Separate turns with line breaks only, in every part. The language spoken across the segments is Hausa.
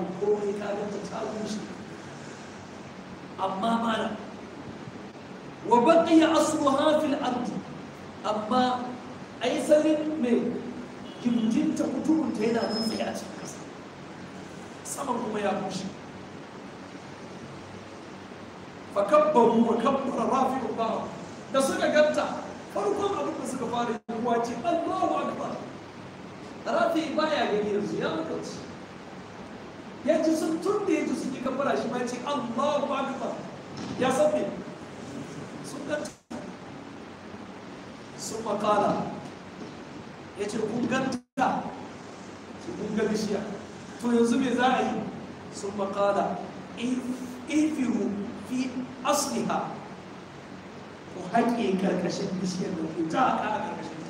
babu komai ka ganta ta bushe amma mana wa baqiya asluha fil ard amma aisalin mai gindinta kuturunta yana nan tsaye a ƙasa saman kuma ya bushe fakabbaru wa kabbara rafi'u ba da suka ganta da suka yi rafi baya gani ya ya ji sun tun da ya ji sun yi kafara shi ma ya ce Allahu ba ya san me sun ganta sun makala ya ce kun ganta ki kun ga bishiya to yanzu me za a yi sun makala ifiru fi asliha ku haƙe karkashin bishiyar da ku ta a ƙarƙashin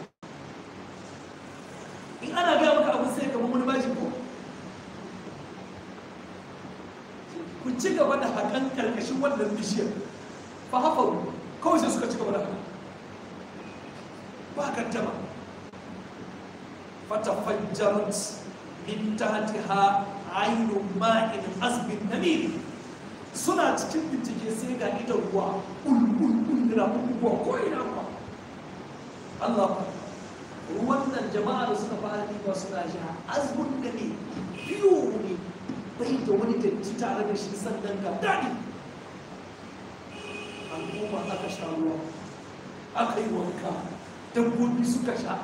in ana gaya maka abu sai ka mummuni ku ci gaba da hakan karkashin wannan bishiyar fa hafa kawai sai suka ci gaba da hakan ba fata fatafajjarat min ha ainun ma'in asbin namiri suna cikin bincike sai ga ita ruwa ululul da ruwa ko ina ba Allah ruwan nan jama'a da suka fara ba suna sha azbun namiri biyu ne bai da wani datti tare da shi sannan ga daɗi al'umma aka sha ruwa aka yi wanka dabbobi suka sha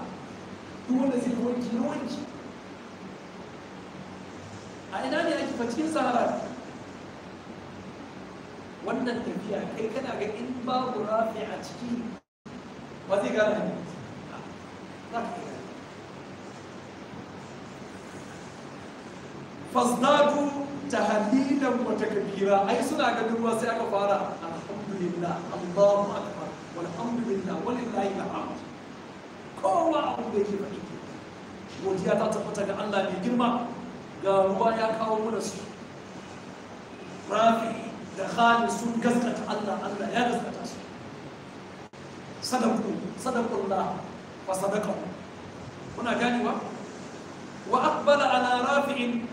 duk wanda zai wanki ya wanki a ina ne ake facin sahara wannan tafiya kai kana ga in babu rafi a ciki ba zai gane ne za ka ta tahlilan wata Kabira. ai suna ganin ruwa sai aka fara alhamdulillah Allahu akbar walhamdulillah walillahi alhamd kowa abu da yake faɗi godiya ta tabbata ga Allah mai girma ga ruwa ya kawo mana su rafi da khalid sun gaskata Allah Allah ya gaskata su sadaku sadakullah fa sadaqahu kuna gani wa wa aqbala ala rafi'in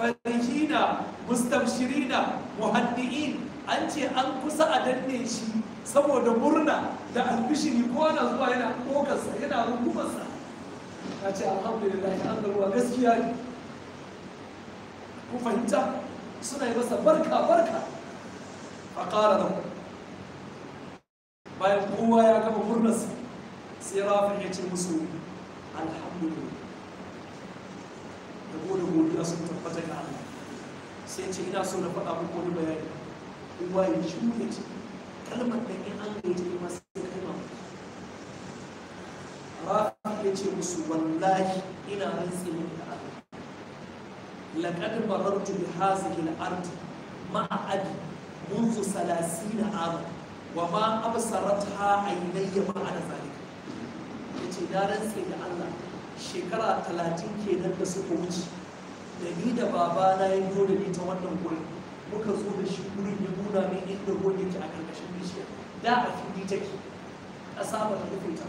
farihina mustamshirina muhaddiin an ce an kusa a danne shi saboda murna da albishiri ko na zuwa yana kokarsa yana rungumarsa A ce alhamdulillah an ruwa gaskiya ne ku fahimta suna yi masa barka barka a ƙara da bayan kowa ya gama murnarsa sai rafin ya ce musu alhamdulillah da gode godiya sun tabbata ga Allah sai ce ina so na faɗa muku wani bayani kowa ya shi ya kalmar da in Allah ya ce masa sai kai ma Rafi ya ce musu wallahi ina rantsi muku da Allah laqad marartu bi hazihi al-ard ma'a abi منذ 30 عاما وما أبصرتها عيني بعد ذلك. يجي دارن الله shekara talatin kenan da suka wuce da ni da babana ya zo da ni ta wannan gurin muka zo da shi gurin ya nuna min inda gurin yake a karkashin bishiya da a fili take ƙasa ba ta rufe ta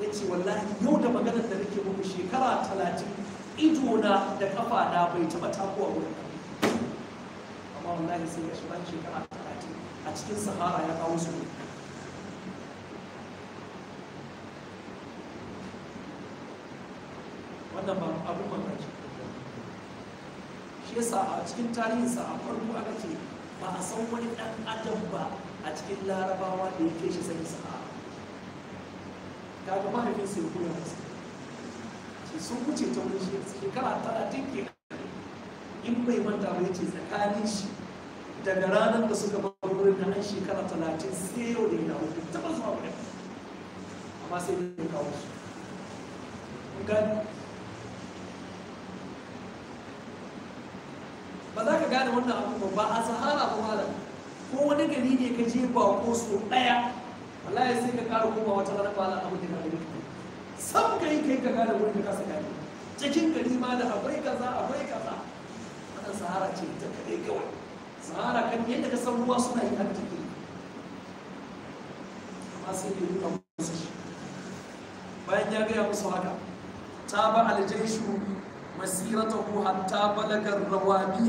ya ce wallahi yau da maganar da nake muku shekara talatin idona da kafa na bai taɓa takowa wurin amma wallahi sai ya shi shekara talatin a cikin sahara ya kawo su ne wannan ba abin mamaki shi yasa a cikin tarihinsa a farko aka ce ba a san wani ɗan adam ba a cikin larabawa da ya kai a Ta sa'a kaga mahaifinsa ya kula masa ce sun wuce ta wani shi shekara talatin ke in bai manta ba ce tsakanin shi daga ranar da suka ba wurin na nan shekara talatin sai yau da ya dawo ba taɓa zuwa wurin amma sai ya kawo su gane wannan abu ba a sahara ba malam ko wani gari ne ka je ba ko so daya wallahi sai ka kara koma wata rana ba Allah abin da ka yi sam kai kai ka gane wurin ka saka ne cikin gari ma da akwai kaza akwai kaza wannan sahara ce ta ga kawai sahara kan yadda ka san ruwa suna yi har take amma sai da ka musu shi bayan ya gaya musu haka ta ba aljaishu masiratahu hatta balagar rawabiya